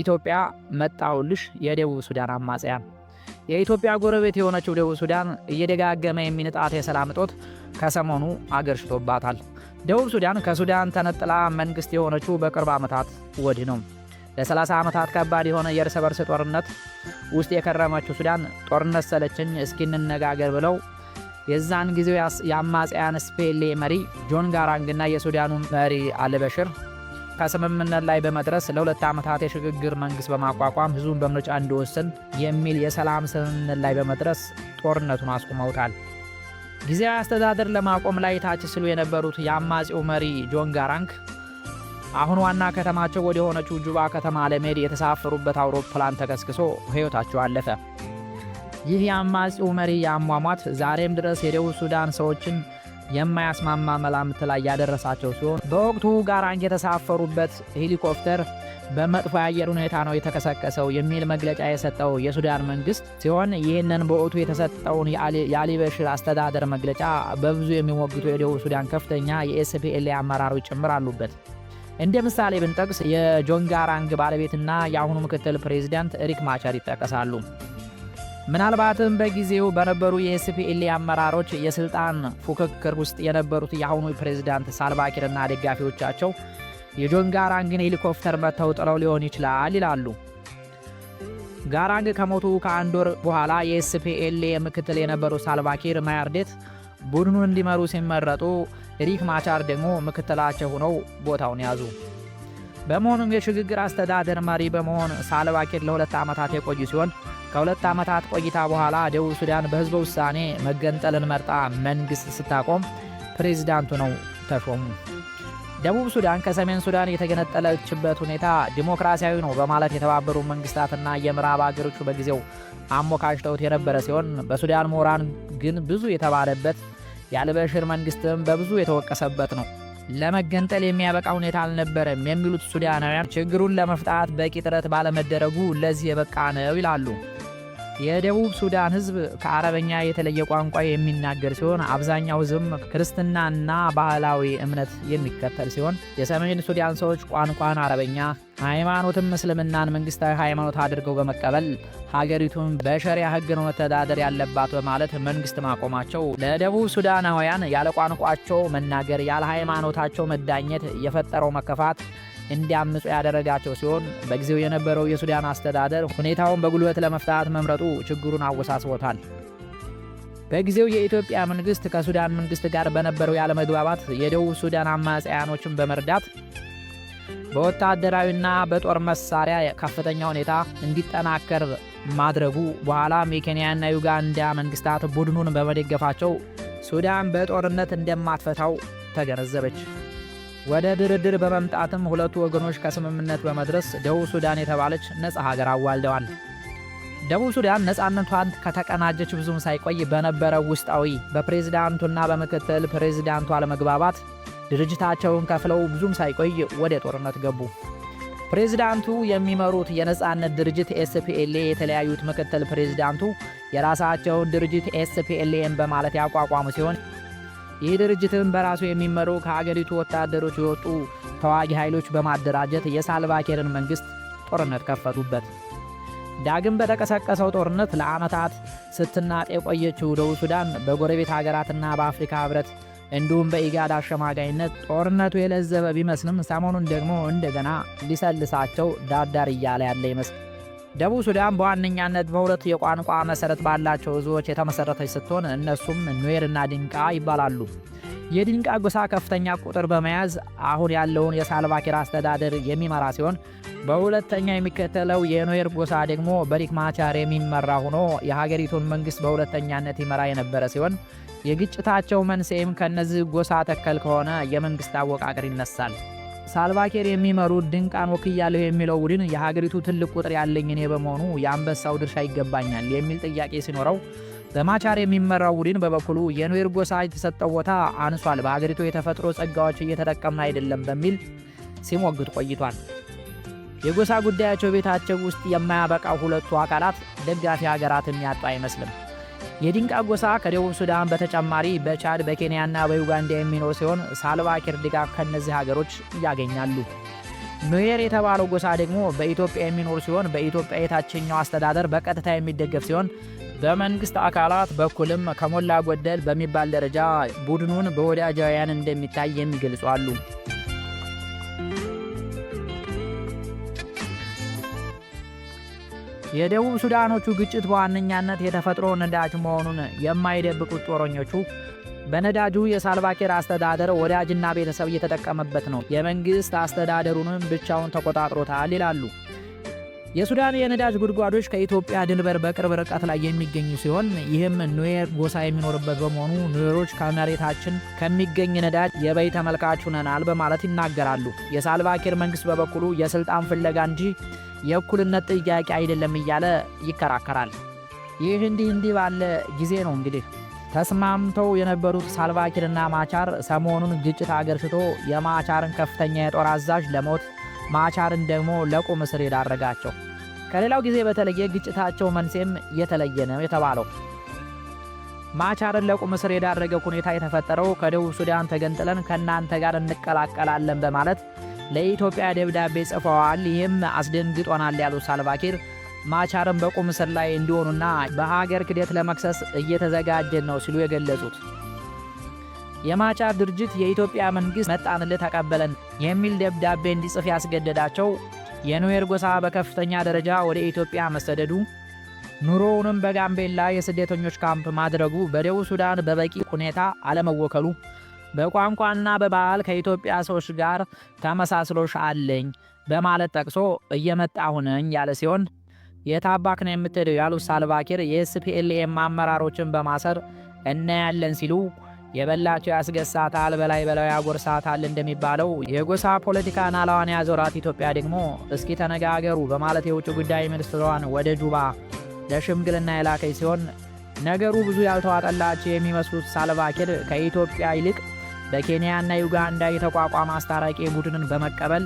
ኢትዮጵያ መጣውልሽ የደቡብ ሱዳን አማጽያን የኢትዮጵያ ጎረቤት የሆነችው ደቡብ ሱዳን እየደጋገመ የሚንጣት የሰላም እጦት ከሰሞኑ አገርሽቶባታል። ደቡብ ሱዳን ከሱዳን ተነጥላ መንግሥት የሆነችው በቅርብ ዓመታት ወዲህ ነው። ለ30 ዓመታት ከባድ የሆነ የእርስ በርስ ጦርነት ውስጥ የከረመችው ሱዳን ጦርነት ሰለችኝ፣ እስኪንነጋገር ብለው የዛን ጊዜው የአማጽያን ስፔሌ መሪ ጆን ጋራንግና የሱዳኑ መሪ አልበሽር ከስምምነት ላይ በመድረስ ለሁለት ዓመታት የሽግግር መንግሥት በማቋቋም ሕዝቡን በምርጫ እንዲወስን የሚል የሰላም ስምምነት ላይ በመድረስ ጦርነቱን አስቁመውታል። ጊዜያዊ አስተዳደር ለማቆም ላይ ታች ሲሉ የነበሩት የአማጺው መሪ ጆን ጋራንክ አሁን ዋና ከተማቸው ወደ ሆነችው ጁባ ከተማ ለመሄድ የተሳፈሩበት አውሮፕላን ተከስክሶ ሕይወታቸው አለፈ። ይህ የአማጺው መሪ የአሟሟት ዛሬም ድረስ የደቡብ ሱዳን ሰዎችን የማያስማማ መላምት ላይ ያደረሳቸው ሲሆን በወቅቱ ጋራንጅ የተሳፈሩበት ሄሊኮፕተር በመጥፎ የአየር ሁኔታ ነው የተከሰከሰው የሚል መግለጫ የሰጠው የሱዳን መንግስት ሲሆን ይህንን በወቅቱ የተሰጠውን የአሊበሽር አስተዳደር መግለጫ በብዙ የሚሞግቱ የደቡብ ሱዳን ከፍተኛ የኤስፒኤልኤ አመራሮች ጭምር አሉበት። እንደ ምሳሌ ብንጠቅስ የጆንጋራንግ ባለቤትና የአሁኑ ምክትል ፕሬዚዳንት ሪክ ማቻር ይጠቀሳሉ። ምናልባትም በጊዜው በነበሩ የኤስፒኤልኤ አመራሮች የስልጣን ፉክክር ውስጥ የነበሩት የአሁኑ ፕሬዚዳንት ሳልቫኪርና ደጋፊዎቻቸው የጆን ጋራንግን ሄሊኮፕተር መጥተው ጥለው ሊሆን ይችላል ይላሉ። ጋራንግ ከሞቱ ከአንድ ወር በኋላ የኤስፒኤል ምክትል የነበሩ ሳልቫኪር ማያርዴት ቡድኑን እንዲመሩ ሲመረጡ፣ ሪክ ማቻር ደግሞ ምክትላቸው ሆነው ቦታውን ያዙ። በመሆኑም የሽግግር አስተዳደር መሪ በመሆን ሳልቫኪር ለሁለት ዓመታት የቆዩ ሲሆን ከሁለት ዓመታት ቆይታ በኋላ ደቡብ ሱዳን በሕዝበ ውሳኔ መገንጠልን መርጣ መንግሥት ስታቆም ፕሬዚዳንቱ ነው ተሾሙ። ደቡብ ሱዳን ከሰሜን ሱዳን የተገነጠለችበት ሁኔታ ዲሞክራሲያዊ ነው በማለት የተባበሩት መንግስታትና የምዕራብ አገሮቹ በጊዜው አሞካሽተውት የነበረ ሲሆን በሱዳን ምሁራን ግን ብዙ የተባለበት የአልበሽር መንግስትም በብዙ የተወቀሰበት ነው። ለመገንጠል የሚያበቃ ሁኔታ አልነበረም የሚሉት ሱዳናውያን ችግሩን ለመፍታት በቂ ጥረት ባለመደረጉ ለዚህ የበቃ ነው ይላሉ። የደቡብ ሱዳን ህዝብ ከአረበኛ የተለየ ቋንቋ የሚናገር ሲሆን አብዛኛው ሕዝብም ክርስትናና ባህላዊ እምነት የሚከተል ሲሆን የሰሜን ሱዳን ሰዎች ቋንቋን አረበኛ፣ ሃይማኖትም እስልምናን መንግስታዊ ሃይማኖት አድርገው በመቀበል ሀገሪቱን በሸሪያ ሕግ ነው መተዳደር ያለባት በማለት መንግስት ማቆማቸው ለደቡብ ሱዳናውያን ያለ ቋንቋቸው መናገር፣ ያለ ሃይማኖታቸው መዳኘት የፈጠረው መከፋት እንዲያምፁ ያደረጋቸው ሲሆን በጊዜው የነበረው የሱዳን አስተዳደር ሁኔታውን በጉልበት ለመፍታት መምረጡ ችግሩን አወሳስቦታል። በጊዜው የኢትዮጵያ መንግስት ከሱዳን መንግስት ጋር በነበረው ያለመግባባት የደቡብ ሱዳን አማጽያኖችን በመርዳት በወታደራዊና በጦር መሳሪያ ከፍተኛ ሁኔታ እንዲጠናከር ማድረጉ በኋላም የኬንያና ዩጋንዳ መንግስታት ቡድኑን በመደገፋቸው ሱዳን በጦርነት እንደማትፈታው ተገነዘበች። ወደ ድርድር በመምጣትም ሁለቱ ወገኖች ከስምምነት በመድረስ ደቡብ ሱዳን የተባለች ነጻ ሀገር አዋልደዋል። ደቡብ ሱዳን ነጻነቷን ከተቀናጀች ብዙም ሳይቆይ በነበረው ውስጣዊ በፕሬዝዳንቱና በምክትል ፕሬዝዳንቱ አለመግባባት ድርጅታቸውን ከፍለው ብዙም ሳይቆይ ወደ ጦርነት ገቡ። ፕሬዝዳንቱ የሚመሩት የነጻነት ድርጅት ኤስፒኤልኤ የተለያዩት ምክትል ፕሬዝዳንቱ የራሳቸውን ድርጅት ኤስፒኤልኤን በማለት ያቋቋሙ ሲሆን ይህ ድርጅትም በራሱ የሚመሩ ከአገሪቱ ወታደሮች የወጡ ተዋጊ ኃይሎች በማደራጀት የሳልቫኪርን መንግሥት ጦርነት ከፈቱበት። ዳግም በተቀሰቀሰው ጦርነት ለዓመታት ስትናጥ የቆየችው ደቡብ ሱዳን በጎረቤት ሀገራትና በአፍሪካ ኅብረት እንዲሁም በኢጋድ አሸማጋይነት ጦርነቱ የለዘበ ቢመስልም ሰሞኑን ደግሞ እንደገና ሊሰልሳቸው ዳርዳር እያለ ያለ ይመስል ደቡብ ሱዳን በዋነኛነት በሁለት የቋንቋ መሰረት ባላቸው ህዝቦች የተመሰረተች ስትሆን እነሱም ኑዌርና ድንቃ ይባላሉ። የድንቃ ጎሳ ከፍተኛ ቁጥር በመያዝ አሁን ያለውን የሳልቫኪር አስተዳደር የሚመራ ሲሆን በሁለተኛ የሚከተለው የኑዌር ጎሳ ደግሞ በሪክ ማቻር የሚመራ ሆኖ የሀገሪቱን መንግስት በሁለተኛነት ይመራ የነበረ ሲሆን የግጭታቸው መንስኤም ከእነዚህ ጎሳ ተከል ከሆነ የመንግስት አወቃቀር ይነሳል። ሳልቫኬር የሚመሩት ድንቃን ወክያለሁ የሚለው ቡድን የሀገሪቱ ትልቅ ቁጥር ያለኝ እኔ በመሆኑ የአንበሳው ድርሻ ይገባኛል የሚል ጥያቄ ሲኖረው በማቻር የሚመራው ቡድን በበኩሉ የኑዌር ጎሳ የተሰጠው ቦታ አንሷል፣ በሀገሪቱ የተፈጥሮ ጸጋዎች እየተጠቀምን አይደለም በሚል ሲሞግት ቆይቷል። የጎሳ ጉዳያቸው ቤታቸው ውስጥ የማያበቃው ሁለቱ አካላት ደጋፊ ሀገራትን ያጡ አይመስልም። የዲንቃ ጎሳ ከደቡብ ሱዳን በተጨማሪ በቻድ በኬንያና በዩጋንዳ የሚኖር ሲሆን ሳልቫኪር ድጋፍ ከእነዚህ ሀገሮች ያገኛሉ። ምሄር የተባለው ጎሳ ደግሞ በኢትዮጵያ የሚኖር ሲሆን በኢትዮጵያ የታችኛው አስተዳደር በቀጥታ የሚደገፍ ሲሆን በመንግስት አካላት በኩልም ከሞላ ጎደል በሚባል ደረጃ ቡድኑን በወዳጃውያን እንደሚታይ የሚገልጹ አሉ። የደቡብ ሱዳኖቹ ግጭት በዋነኛነት የተፈጥሮ ነዳጅ መሆኑን የማይደብቁት ጦረኞቹ በነዳጁ የሳልቫኪር አስተዳደር ወዳጅና ቤተሰብ እየተጠቀመበት ነው፣ የመንግሥት አስተዳደሩንም ብቻውን ተቆጣጥሮታል ይላሉ። የሱዳን የነዳጅ ጉድጓዶች ከኢትዮጵያ ድንበር በቅርብ ርቀት ላይ የሚገኙ ሲሆን ይህም ኑዌር ጎሳ የሚኖርበት በመሆኑ ኑዌሮች ከመሬታችን ከሚገኝ ነዳጅ የበይ ተመልካች ሁነናል በማለት ይናገራሉ። የሳልቫኪር መንግሥት በበኩሉ የሥልጣን ፍለጋ እንጂ የእኩልነት ጥያቄ አይደለም እያለ ይከራከራል። ይህ እንዲህ እንዲህ ባለ ጊዜ ነው እንግዲህ ተስማምተው የነበሩት ሳልቫኪርና ማቻር ሰሞኑን ግጭት አገርሽቶ የማቻርን ከፍተኛ የጦር አዛዥ ለሞት ማቻርን ደግሞ ለቁም እስር የዳረጋቸው ከሌላው ጊዜ በተለየ ግጭታቸው መንስኤም የተለየ ነው የተባለው። ማቻርን ለቁም እስር የዳረገው ሁኔታ የተፈጠረው ከደቡብ ሱዳን ተገንጥለን ከእናንተ ጋር እንቀላቀላለን በማለት ለኢትዮጵያ ደብዳቤ ጽፈዋል። ይህም አስደንግጦናል ያሉት ሳልቫኪር ማቻርን በቁም እስር ላይ እንዲሆኑና በሀገር ክደት ለመክሰስ እየተዘጋጀን ነው ሲሉ የገለጹት የማቻር ድርጅት የኢትዮጵያ መንግሥት መጣንልህ ተቀበለን የሚል ደብዳቤ እንዲጽፍ ያስገደዳቸው የኑዌር ጎሳ በከፍተኛ ደረጃ ወደ ኢትዮጵያ መሰደዱ ኑሮውንም በጋምቤላ የስደተኞች ካምፕ ማድረጉ በደቡብ ሱዳን በበቂ ሁኔታ አለመወከሉ በቋንቋና በባህል ከኢትዮጵያ ሰዎች ጋር ተመሳስሎሽ አለኝ በማለት ጠቅሶ እየመጣሁ ነኝ ያለ ሲሆን የት ነው የምትሄደው ያሉት ሳልቫኪር የኤስፒኤልኤም አመራሮችን በማሰር እናያለን ሲሉ የበላቸው ያስገሳታል፣ በላይ በላይ ያጎርሳታል እንደሚባለው የጎሳ ፖለቲካን አላዋን ያዞራት ኢትዮጵያ ደግሞ እስኪ ተነጋገሩ በማለት የውጭ ጉዳይ ሚኒስትሯን ወደ ጁባ ለሽምግልና የላከች ሲሆን ነገሩ ብዙ ያልተዋጠላቸው የሚመስሉት ሳልቫኪር ከኢትዮጵያ ይልቅ በኬንያና ዩጋንዳ የተቋቋመ አስታራቂ ቡድንን በመቀበል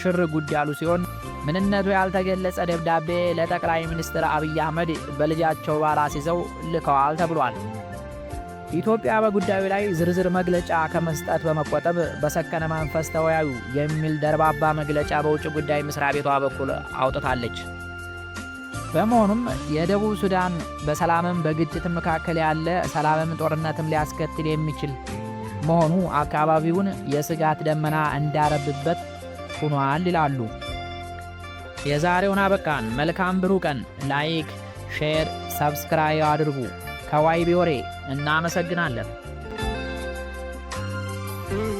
ሽር ጉድ ያሉ ሲሆን ምንነቱ ያልተገለጸ ደብዳቤ ለጠቅላይ ሚኒስትር አብይ አህመድ በልጃቸው ባላ ሲዘው ልከዋል ተብሏል። ኢትዮጵያ በጉዳዩ ላይ ዝርዝር መግለጫ ከመስጠት በመቆጠብ በሰከነ መንፈስ ተወያዩ የሚል ደርባባ መግለጫ በውጭ ጉዳይ መስሪያ ቤቷ በኩል አውጥታለች። በመሆኑም የደቡብ ሱዳን በሰላምም በግጭትም መካከል ያለ ሰላምም ጦርነትም ሊያስከትል የሚችል መሆኑ አካባቢውን የስጋት ደመና እንዳረብበት ሆኗል ይላሉ። የዛሬውን አበቃን። መልካም ብሩህ ቀን። ላይክ፣ ሼር፣ ሰብስክራይብ አድርጉ። ከዋይቢ ወሬ እናመሰግናለን።